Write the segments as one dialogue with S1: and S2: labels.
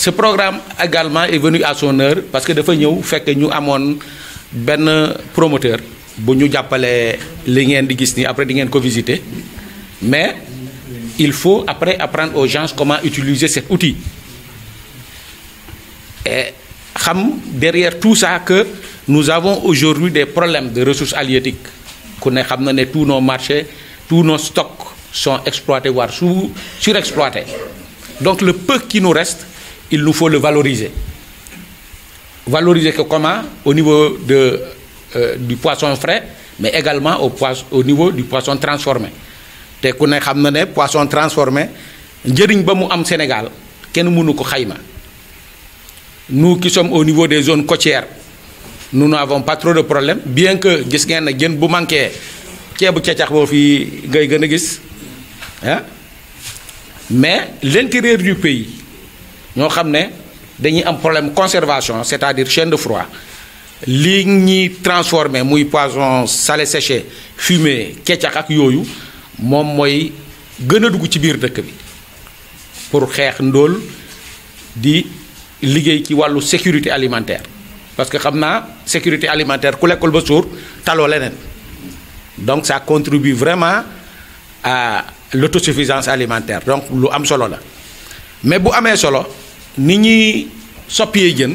S1: ce programme également est venu à son heure parce que dafa fait, fekk ñu un bon promoteur bu ñu jappalé li ngeen di de ni après di ngeen ko visiter mais il faut après apprendre aux gens comment utiliser cet outil et derrière tout ça que nous avons aujourd'hui des problèmes de ressources halieutiques ku ne xam tous nos marchés tous nos stocks sont exploités voire surexploités donc le peu qui nous reste il nous faut le valoriser. Valoriser que comment Au niveau de, euh, du poisson frais, mais également au, niveau du poisson transformé. poisson transformé Sénégal nous qui sommes au niveau des zones côtières nous n'avons pas trop de problèmes, bien que gis ngeen ne bu hein? mais l'intérieur du pays ñoo xam ne dañuy am problème conservation c'est-à-dire chaîne de froid li ñuy transformer muy poisson salé séché fumé keccax ak yooyu moom mooy gën a dugg ci biir dëkk bi pour xeex ndóol di liggéey ci sécurité alimentaire parce que xam naa sécurité alimentaire ku lekkul ba suur taloo donc ça contribue vraiment à l'autosuffisance alimentaire donc lu am solo la mais bu amee solo ni ñuy soppee jën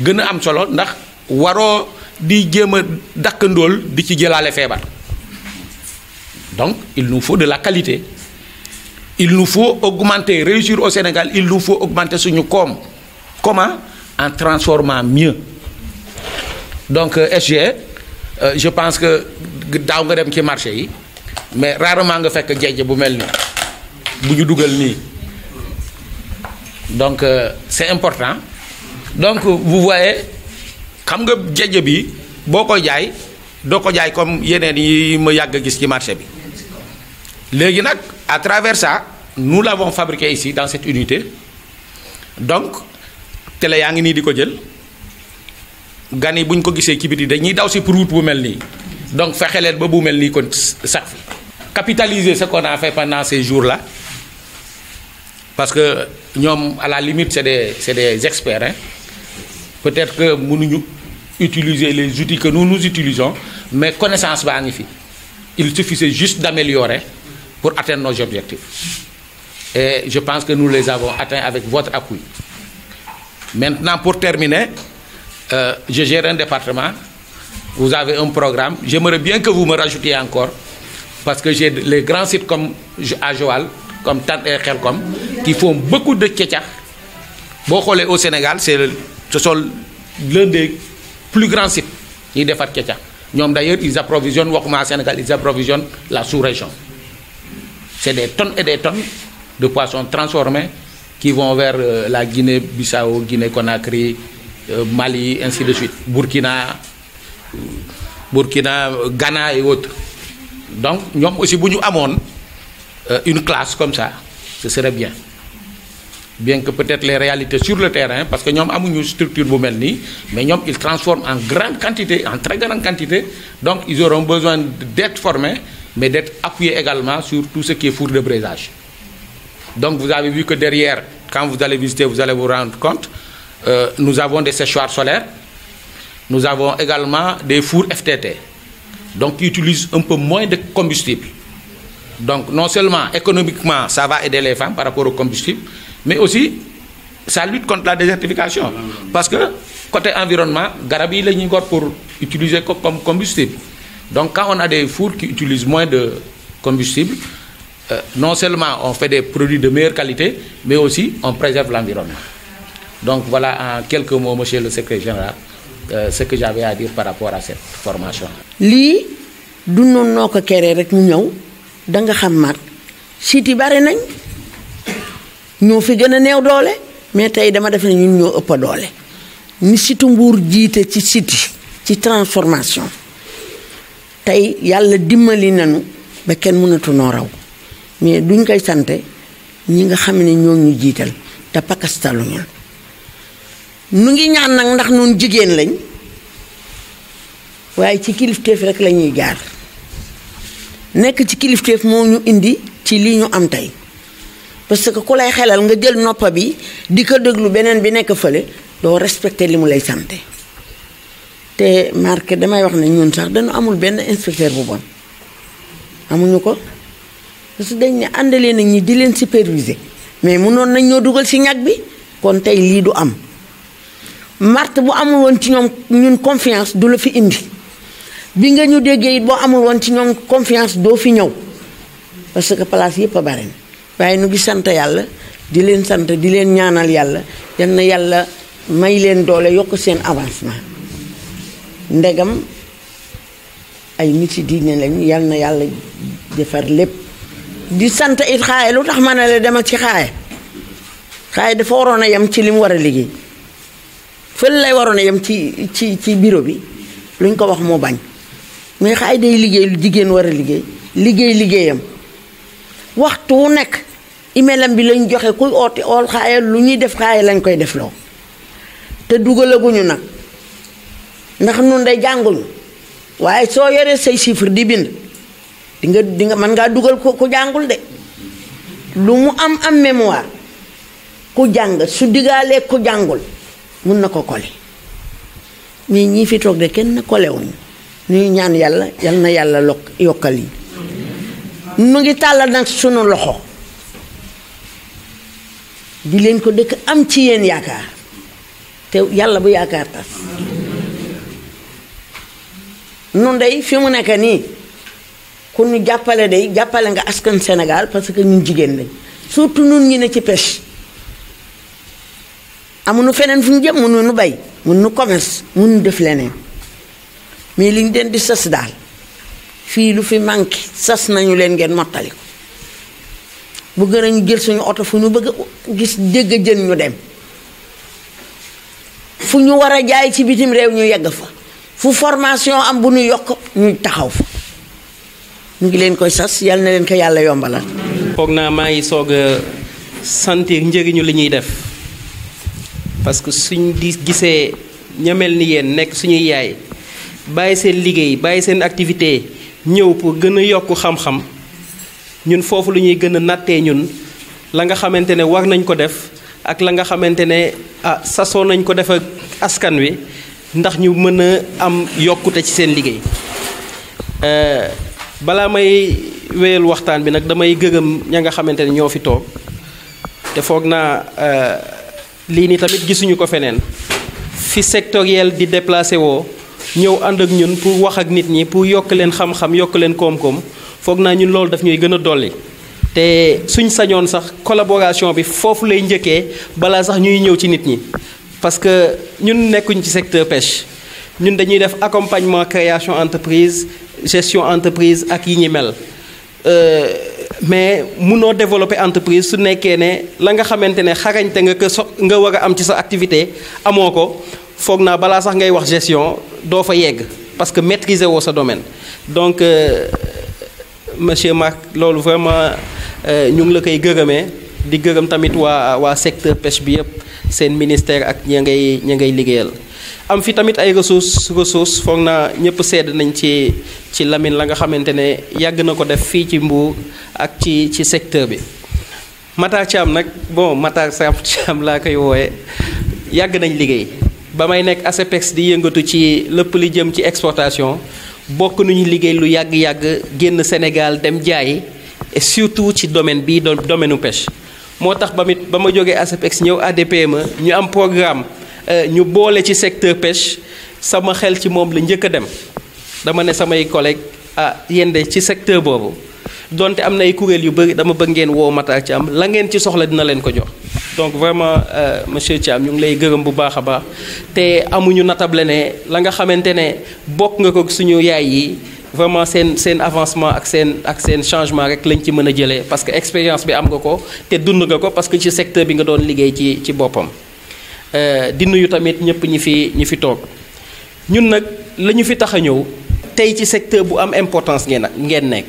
S1: gën a am solo ndax waroo di jéem a dakkandool di ci jëlaale feebar donc il nous faut de la qualité il nous faut augmenter réussir au Sénégal il nous faut augmenter suñu koom comment en transformant mieux donc euh, SG euh, je pense que daaw nga dem ci marché yi mais rarement nga fekk jejje bu mel nii bu ñu dugal nii donc euh, c'est important donc vous voyez comme nga jëjë bi boo koy jaay doo comme yeneen yi ma yàgg a gis qui marché bi léegi nag à travers ça nous l'avons fabriqué ici dans cette unité donc télé est ngi nii di ko jël gan ko gisee ci biti dañuy daw ci pour bu melni donc fexe leen ba bu melni kon sax capitaliser ce qu'on a fait pendant ces jours là parce que sommes à la limite c'est des experts hein. peut-être que nous utiliser les outils que nous nous utilisons mais connaissance magnifique. il suffisait juste d'améliorer pour atteindre nos objectifs et je pense que nous les avons atteints avec votre appui maintenant pour terminer euh, je gère un département vous avez un programme j'aimerais bien que vous me rajoutiez encore parce que j'ai les grands sites comme à Joal comme tant et qui font beaucoup de tchétchak. au Sénégal c'est ce sont l'un des plus grands sites qui font tchétchak ketchup. d'ailleurs ils approvisionnent Sénégal ils approvisionnent la sous-région c'est des tonnes et des tonnes de poissons transformés qui vont vers euh, la Guinée-Bissau, Guinée-Conakry, euh, Mali, ainsi de suite, Burkina, euh, Burkina, Ghana et autres. Donc, nous aussi, nous euh, une classe comme ça ce serait bien bien que peut-être les réalités sur le terrain parce que avons une structure bu mais nous, ils transforment en grande quantité en très grande quantité donc ils auront besoin d'être formés mais d'être appuyés également sur tout ce qui est four de brisage. donc vous avez vu que derrière quand vous allez visiter vous allez vous rendre compte euh, nous avons des séchoirs solaires nous avons également des fours FTT donc qui utilisent un peu moins de combustible donc non seulement économiquement, ça va aider les femmes par rapport au combustible, mais aussi ça lutte contre la désertification. Parce que côté environnement, Garabi les pour utiliser comme combustible. Donc quand on a des fours qui utilisent moins de combustible, euh, non seulement on fait des produits de meilleure qualité, mais aussi on préserve l'environnement. Donc voilà en quelques mots, monsieur le secrétaire général, euh, ce que j'avais à dire par rapport à cette formation.
S2: Li, nous danga xam mar siit yi bari nañ ñoo fi gën a néew doole mais tey dama def ne ñoo ëpp doole ni situ mbuur jiite ci siti ci transformation tey yàlla dimbali nañu ba kenn mënatu noo raw mais duñ koy sante ñi nga xam ne ñoo ñu jiital te pakastalu ñun nu ngi ñaan nag ndax noonu jigéen lañ waaye ci kilifteef rek la ñuy jaar nekk ci kilifteef moo ñu indi ci lii ñu am tey parce que ku lay xelal nga jël noppa bi di ko déglu beneen bi nekk fële doo respecté li mu lay sante te Marc damay wax ne ñun sax dañu amul benn inspecteur bu bon amuñu ko parce dañ ne àndalee nañ ñi di leen superviser mais mënoon nañ ñoo dugal ci ñag bi kon tey lii du am Marc bu amul woon ci ñoom ñun confiance du la fi indi bi nga ñu déggee it boo amul woon ci ñoom confiance doo fi ñëw parce que place yëpp a bari na waaye nu gis sant yàlla di leen sant di leen ñaanal yàlla yal na yàlla may leen doole yokk seen avancement ndegam ay nit ci diine lañ na yàlla defar lépp di sant it xaaye lu tax ma ne la demal ci xaaye xaaye dafa waroon a yem ci li mu war a liggéey fële lay waroon a yem ci ci ci bureau bi luñ ko wax moo bañ mais xaay day liggéey lu jigéen war a liggéey liggéey liggéeyam waxtu wu nekk emailam bi lañ joxe kuy ooti ool xaaya lu ñuy def xaaya lañ koy def loo te dugalaguñu nag ndax nun day jànguñu waaye soo yoree say chiffre di bind di nga di nga mën ngaa dugal ko ku jàngul de lu mu am am mémoire ku jàng su digaalee ku jàngul mun na ko kole mais ñii fi toog de kenn kolewuñu ñuy ñaan yàlla yal na yàlla lokk yokkal yi mu ngi tàllal nag sunu loxo di leen ko dëkk am ci yéen yaakaar te yàlla bu yaakaar tas nun dey fi mu nekk nii ku nu jàppale day jàppale nga askan Sénégal parce que ñun jigéen lañ surtout nun ñi ne ci pêche amuñu feneen fu ñu jëm mënuñu bay mënuñu commerce mënuñu def leneen mais liñ den di sas daal fii lu fi manqué sas nañu leen ngeen mottali ko bu gën a ñu jël suñu oto fu ñu bëgg gis dégg jën ñu dem fu ñu war a jaay ci bitim réew ñu yegg fa fu formation am bu ñu yokk ñu taxaw fa ñu ngi leen koy sas yal na leen ko yàlla yombalal.
S3: foog naa maa ngi soog a sentir njëriñu li ñuy def parce que suñ di gisee ñamel ni yéen nekk suñuy yaay. bàyyi seen liggéey bàyyi seen activité ñëw pour gën a yokk xam-xam ñun foofu lu ñuy gën a nattee ñun la nga xamante ne war nañ ko def ak la nga xamante ne ah sasoo nañ ko def ak askan wi ndax ñu mën a am yokkute ci seen liggéey euh, balaa may wéyal waxtaan bi nag damay gërëm ña nga xamante ne ñoo fi toog te foog naa euh, lii nii tamit gisuñu ko feneen fi sectoriel di déplacé woo ñëw ànd ak ñun pour wax ak nit ñi pour yokk leen xam-xam yokk leen koom-koom foog naa ñun loolu daf ñuy gën a dolli te suñ sañoon sax collaboration bi foofu lay njëkkee balaa sax ñuy ñëw ci nit ñi parce que ñun nekkuñ ci secteur pêche ñun dañuy def accompagnement création entreprise gestion entreprise ak yi ñi mel euh, mais munoo développer entreprise su nekkee ne la nga xamante ne xarañte nga ko nga war a am ci sa activité amoo ko foog naa balaa sax ngay wax gestion doo fa yegg parce que maîtriser woo sa domaine donc euh, monsieur Marc loolu vraiment euh, ñu ngi la koy gërëmee di gërëm tamit waa waa secteur pêche bi yëpp seen ministère ak ña ngay ña ngay liggéeyal am fi tamit ay ressources ressources foog naa ñëpp sedd nañ ci ci Lamine la nga xamante ne yàgg na ko def fii ci Mbour ak ci ci secteur bi Matar Thiam nag bon Matar Thiam laa koy wooye yàgg nañ liggéey ba may nekk ASEPEX di yëngatu ci lépp li jëm ci exportation bokk nañu liggéey lu yàgg-yàgg génn Sénégal dem jaay surtout ci domaine bi domaine u pêche moo tax ba mit ba ma jógee ASEPEX ñëw ADPME ñu am programme euh, ñu boole ci secteur pêche sama xel ci moom la njëkk a dem dama ne samay collègue a ah, yende ci secteur boobu donte am na ay kuréel yu bëri dama bëgg ngeen woo Matar Thiam la ngeen ci soxla dina leen ko jox donc vraiment euh, monsieur am ñu ngi lay gërëm bu baax a baax te amuñu natable ne la nga xamante ne bokk nga ko suñu yaay yi vraiment seen seen avancement ak seen ak seen changement rek lañ ci mën a jëlee parce que expérience bi am nga ko te dund nga ko parce que ci secteur bi nga doon liggéey ci ci boppam euh, di nuyu tamit ñëpp ñi fi ñi fi toog ñun nag la ñu fi tax a ñëw tey ci secteur bu am importance ngeen ngeen nekk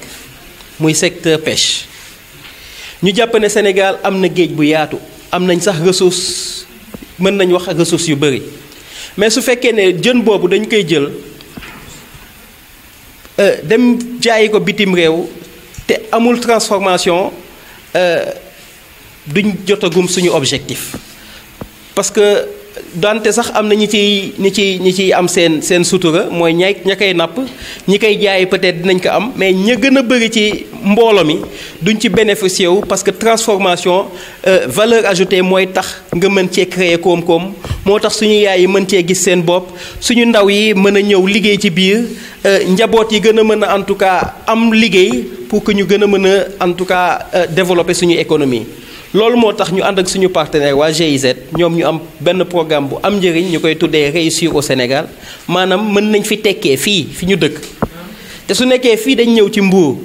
S3: muy secteur pêche ñu jàpp ne Sénégal am na géej bu yaatu am nañ sax ressource mën nañ wax ressource yu bëri mais su fekkee ne jën boobu dañ koy jël euh, dem jaayi ko bitim réew te amul transformation euh, duñ jotagum suñu objectif parce donte sax am na ñi ciy ñi ciy ñi ciy am seen seen sutura mooy ñay ña koy napp ñi koy jaay peut-être dinañ ko mais ci parce que transformation euh, valeur ajoutée mooy tax nga mën créer koom-koom moo tax suñu yaay yi mën cee gis seen suñu ndaw yi mën ñëw liggéey ci biir euh, njaboot yi en tout cas am pour que ñu gën en tout cas euh, développer suñu économie loolu moo tax ñu ànd ak suñu partenaire waa GIZ ñoom ñu am benn programme bu am njëriñ ñu koy tuddee réussir au Sénégal maanaam mën nañ fi tekkee fii fi ñu dëkk te su nekkee fii dañ ñëw ci Mbour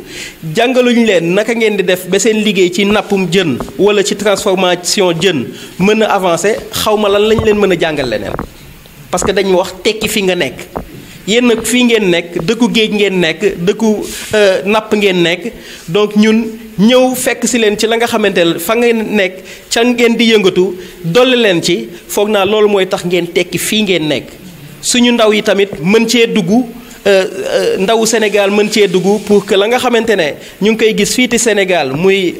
S3: jàngaluñu leen naka ngeen di def ba seen liggéey ci nappum jën wala ci transformation jën mën a avancé xawma ma lan lañ leen mën a jàngal leneen parce que dañu wax tekki fi nga nekk yéen nag fii ngeen nekk dëkku géej ngeen nekk dëkku euh, napp ngeen nekk donc ñun ñëw fekk si leen ci la nga xamante ne fa ngeen nekk ca ngeen di yëngatu dolli leen ci foog naa loolu mooy tax ngeen tekki fii ngeen nekk suñu ndaw yi tamit mën cee dugg euh, euh, ndaw Sénégal mën cee dugg pour que la nga xamante ne ñu ngi koy gis fii ci Sénégal muy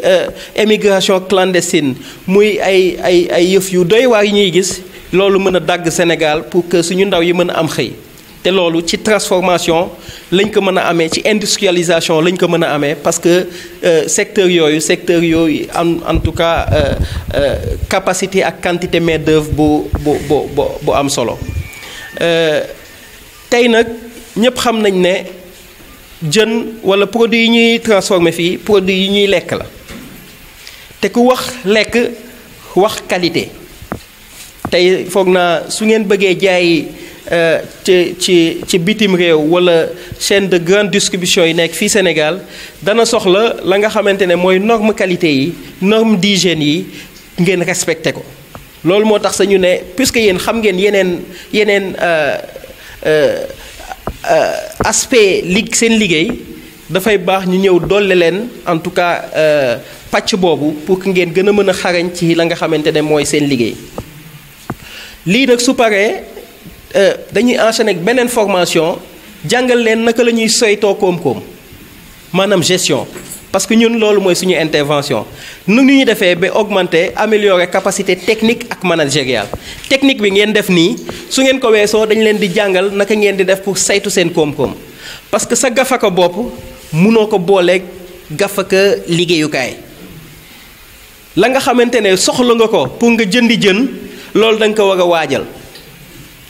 S3: émigration clandestine muy ay ay ay yëf yu doy waar yi ñuy gis loolu mën a dàgg Sénégal pour que suñu ndaw yi mën a am xëy. té loolu ci transformation lañ ko mën a ci industrialisation lañ ko mën a parce que euh, secteur yoyu secteur yoyu en en tout cas euh, euh, capacité ak quantité main d'œuvre bu bu bu bu am solo tay nak ñépp xam nañ né jeun wala produit yi ñuy transformer fi produit yi ñuy lekk la té ku wax lekk wax qualité t'ay foog na su ngeen bëggee jaay. Euh, ci ci ci bitim réew wala chaîne de grande distribution yi nekk fii Sénégal dana soxla la nga xamante ne mooy norme qualité yi norme d'hygiène yi ngeen respecté ko loolu moo tax ñu ne puisque yéen xam ngeen yeneen yeneen euh, euh, aspect li seen liggéey dafay baax ñu ñëw dolle leen en tout cas pàcc boobu pour que ngeen gën a mën a xarañ ci la nga xamante ne mooy seen liggéey lii nag su paree Euh, dañuy enchaîner ak beneen formation jàngal leen naka la ñuy saytoo koom-koom maanaam gestion parce que ñun loolu mooy suñu intervention nu ñu defee ba augmenter améliorer capacité technique ak managériale technique bi ngeen def nii su ngeen ko weesoo dañu leen di jàngal naka ngeen di def pour saytu seen koom-koom parce que sa gafaka bopp munoo ko booleeg gafaka liggéeyukaay la nga xamante ne soxla nga ko pour nga jën di jën loolu da ko war a waajal.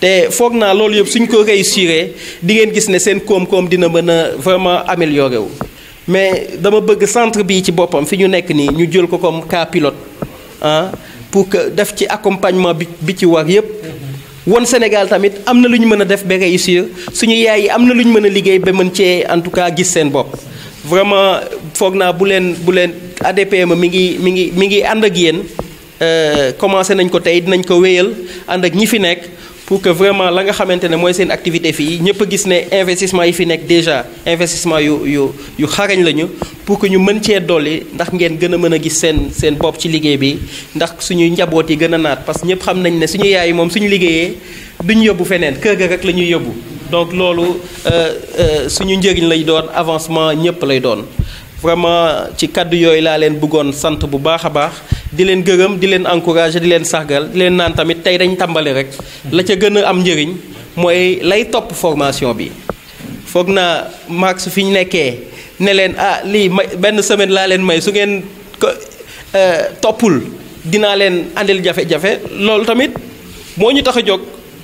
S3: te foog naa loolu yëpp suñ ko réussiree di ngeen gis ne seen koom-koom dina mën a vraiment améliorer wu mais dama bëgg centre bi ci boppam fi ñu nekk nii ñu jël ko comme cas pilote ah pour que def ci accompagnement bi bi ci war yëpp won Sénégal tamit am na lu ñu mën a def ba réussir suñu yaay yi am na lu ñu mën a liggéey ba mën cee en cas gis seen bopp vraiment foog naa bu leen bu leen adp ma mi ngi mi ngi mi ngi ànd ak yéen euh, commencé nañ ko tey dinañ ko wéyal ànd ñi fi nekk pour que vraiment la nga xamante ne mooy seen activité fii ñëpp a gis ne investissement yi fi nekk déjà investissement yu yu yu xarañ lañu pour que ñu mën cee dolli ndax ngeen gën a mën a gis seen seen bopp ci liggéey bi ndax suñuy njaboot yi gën a naat parce que ñëpp xam nañ ne suñu yaay yi moom suñu liggéeyee duñu yóbbu feneen kër ga rek lañuy ñuy yóbbu donc loolu euh, euh, suñu njëriñ lay doon avancement ñëpp lay doon. vraiment ci kàddu yooyu laa leen bëggoon sant bu baax a baax di leen gërëm di leen encourager di leen sargal di leen naan tamit tey dañ tàmbali rek la ca gën a am njëriñ mooy lay topp formation bi foog naa max fi ñu nekkee ne leen ah lii may benn semaine laa leen may su ngeen ko euh, toppul dinaa leen andil jafe-jafe loolu tamit moo ñu tax a jóg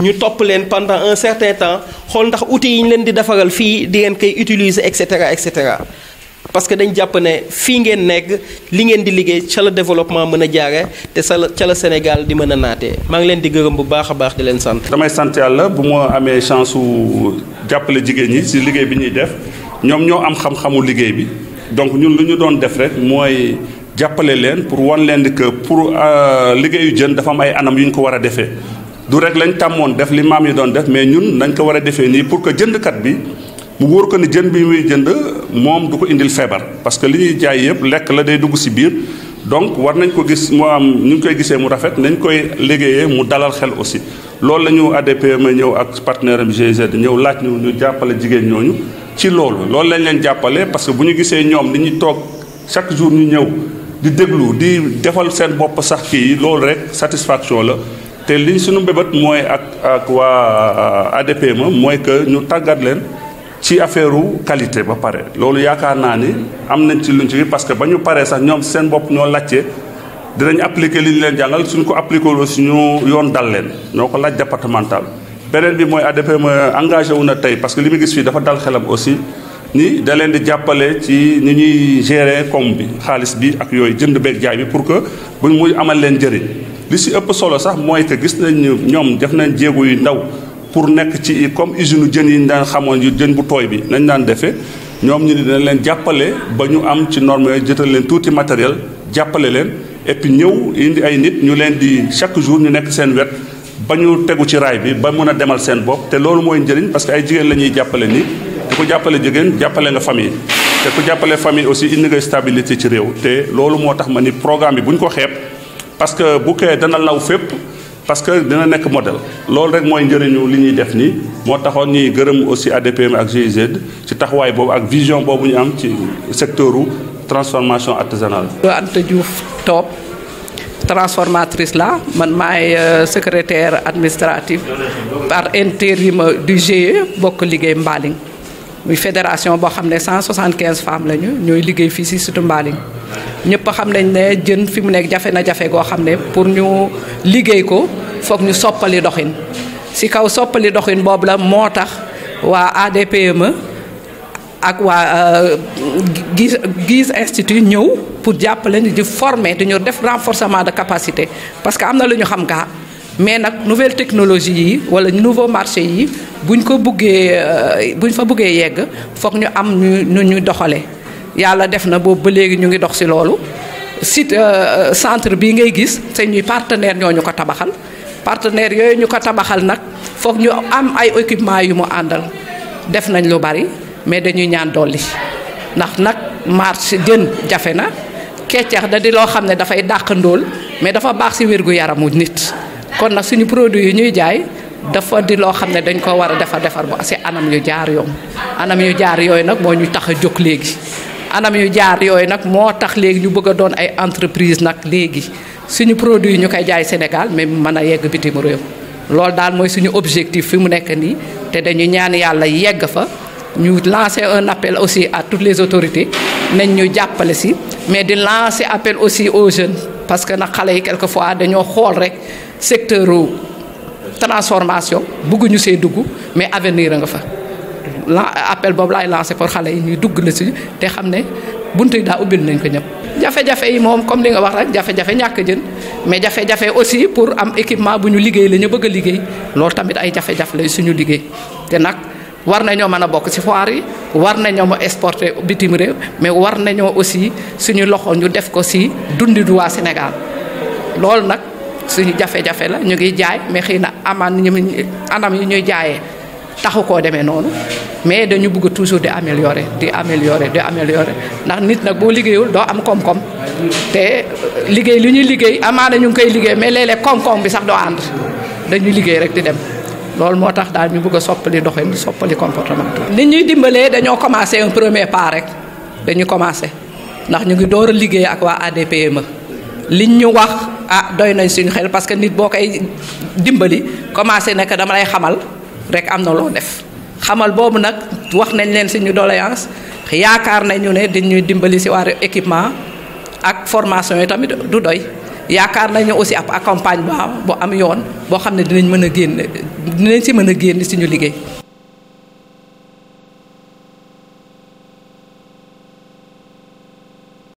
S3: ñu topp leen pendant un certain temps xool ndax outil yi ñu leen di defaral fii di ngeen koy utiliser et cetera et cetera parce que dañ jàpp ne fii ngeen nekk li ngeen di liggéey ca la développement mën a jaare te sa la ca la Sénégal di mën a naatee
S4: maa ngi leen di gërëm bu baax a baax di leen sant. damay sant yàlla bu ma amee chance su jàppale jigéen ñi si liggéey bi ñuy def ñoom ñoo am xam-xamu liggéey bi donc ñun lu ñu doon def rek mooy jàppale leen pour wan leen que pour euh, liggéeyu jën dafa am ay anam yu ñu ko war a defee. du rek lañ tàmmoon def li maam yi doon def mais ñun nañ ko war a defee nii pour que kat bi mu wóor ko ni jën bi muy jënd moom du ko indil feebar parce que li ñuy jaay yëpp lekk la day dugg si biir donc war nañ ko gis mu am ñu ngi koy gisee mu rafet nañ koy liggéeyee mu dalal xel aussi loolu la ñu ADPME ñëw ak partenaire am GIZ ñëw laaj ñu ñu jàppale jigéen ñooñu ci loolu loolu lañ leen jàppale parce que bu ñu gisee ñoom li ñuy toog chaque jour ñu ñëw di déglu di defal seen bopp sax kii loolu rek satisfaction la te liñ suñu mbébét mooy ak ak waa euh, ADPME mooy que ñu tàggat leen ci affaire qualité ba pare loolu yaakaar naa ni am nañ ci luñ ci parce que ba ñu paree sax ñoom seen bopp ñoo laajte dinañ appliquer li ñu leen jàngal suñ ko appliquer wu suñu yoon dal leen ñoo ko laaj départemental. beneen bi mooy ADPME engagé wu na tey parce que li mu gis fii dafa dal xelam aussi ni da leen di jàppale ci ni ñuy gérer comme bi xaalis bi ak yooyu jënd beeg jaay bi pour que buñ muy amal leen njëriñ. li si ëpp solo sax mooy que gis nañ ñoom def nañ jéego yu ndaw pour nekk ci comme usine jën yi ñu daan xamoon yu jën bu tooy bi nañ daan defee ñoom ñu ne dina leen jàppale ba ñu am ci norme yooyu jëtal leen tuuti matériel jàppale leen et ñëw indi ay nit ñu leen di chaque jour ñu nekk seen wet ba ñu tegu ci raay bi ba mën a demal seen bopp te loolu mooy njëriñ parce que ay jigéen la ñuy jàppale nii te ku jàppale jigéen jàppale nga famille te ku jàppale famille aussi indi nga stabilité ci réew te loolu moo tax ma ni programme bi bu ko xeeb parce que beaucoup kee dana law fep parce que dina nek modèle loolu rek moy njëriñu li ñuy def ni mo taxone ñuy gëreum aussi ADPM ak GIZ ci taxway bobu ak vision bobu ñu am ci secteur transformation artisanale.
S5: Euh, Ante Diouf Top transformatrice là, man maay euh, secrétaire administrative par intérim du GE bokk liggéey Mbaling muy fédération bo xamné 175 femmes lañu ñoy liggéey fi ci le Mbaling. ñëpp xam nañ ne jën fi mu nekk jafe na jafe goo xam ne pour ñu liggéey ko foog ñu soppali doxin si kaw soppali doxin boobu la moo tax waa ADPME ak waa euh, gis gis institut ñëw pour jàppale ñu di former di ñu def renforcement de capacité parce que am na lu ñu xam gaa mais nag nouvelle technologie yi wala nouveau marché yi buñ ko buggee bu euh, buñ fa buggee yegg foog ñu am ñu ñu doxalee. yalla def na bo ba legi ñu ngi dox ci lolu site euh, euh, centre bi ngay gis c'est ñuy partenaire ñoo ko tabaxal partenaire yoy ñu ko tabaxal nak fokk ñu am ay équipement yu mu andal def nañ lu bari mais dañuy ñaan doli nak nak marche den jafena kétiax da di lo xam da fay dàq mais dafa baax si wér yaramu nit kon nak suñu produit yi ñuy jaay dafa di lo xam dañ ko wara defa defar bu anam yu jaar yom anam yu jaar yoy nak mo ñu taxa anam yu jaar yooyu nag moo tax léegi ñu bëgg a doon ay entreprise nag léegi suñu produit ñu koy jaay Sénégal mais mën a yegg bitim réew loolu daal mooy suñu objectif fi mu nekk nii te dañu ñaan yàlla yegg fa ñu lancer un appel aussi à toutes les autorités nañ ñu jàppale si mais di lancer appel aussi aux jeunes parce que nag xale yi fois dañoo xool rek secteur transformation bëgguñu see dugg mais avenir a nga fa la appel boobu laay lancé pour xale yi ñuy dugg na si te xam ne bunt yi daa ubbil nañ ko ñëpp. jafe-jafe yi moom comme li nga wax rek jafe-jafe ñàkk jën mais jafe aussi pour am équipement bu ñu liggéey la ñu bëgg liggéey loolu tamit ay jafe-jafe lay suñu liggéey te nag war nañoo mën a bokk si foire yi war nañoo ma exporter bitim réew mais war nañoo aussi suñu loxo ñu def ko si dundi du waa Sénégal loolu nag suñu jafe-jafe la ñu ngi jaay mais xëy na amaan ñu anam yi ñuy jaayee. taxu koo demee noonu mais dañu bëgg toujours di améliorer di améliorer di améliorer ndax nit nag boo liggéeyul doo am koom-koom te euh, liggéey li ñuy liggéey amaana ñu ngi koy liggéey mais léeg-léeg bi sax doo ànd dañuy liggéey rek di dem loolu moo tax daal ñu bëgg a soppali doxin soppali comportement nit ñuy dimbalee dañoo commencé un premier pas rek dañu commencé ndax ñu ngi door a liggéey ak waa ADPME liñ ñu wax ah doy nañ suñu xel parce que nit boo koy dimbali commencé nekk dama lay xamal. rek am na loo def xamal boobu nag wax nañ leen suñu doléance yaakaar nañu ne ñuy dimbali si waar équipement ak formation yi tamit du doy yaakaar nañu aussi ab accompagnement bu am yoon boo xam ne dinañ mën a génn dinañ si mën a génn suñu liggéey.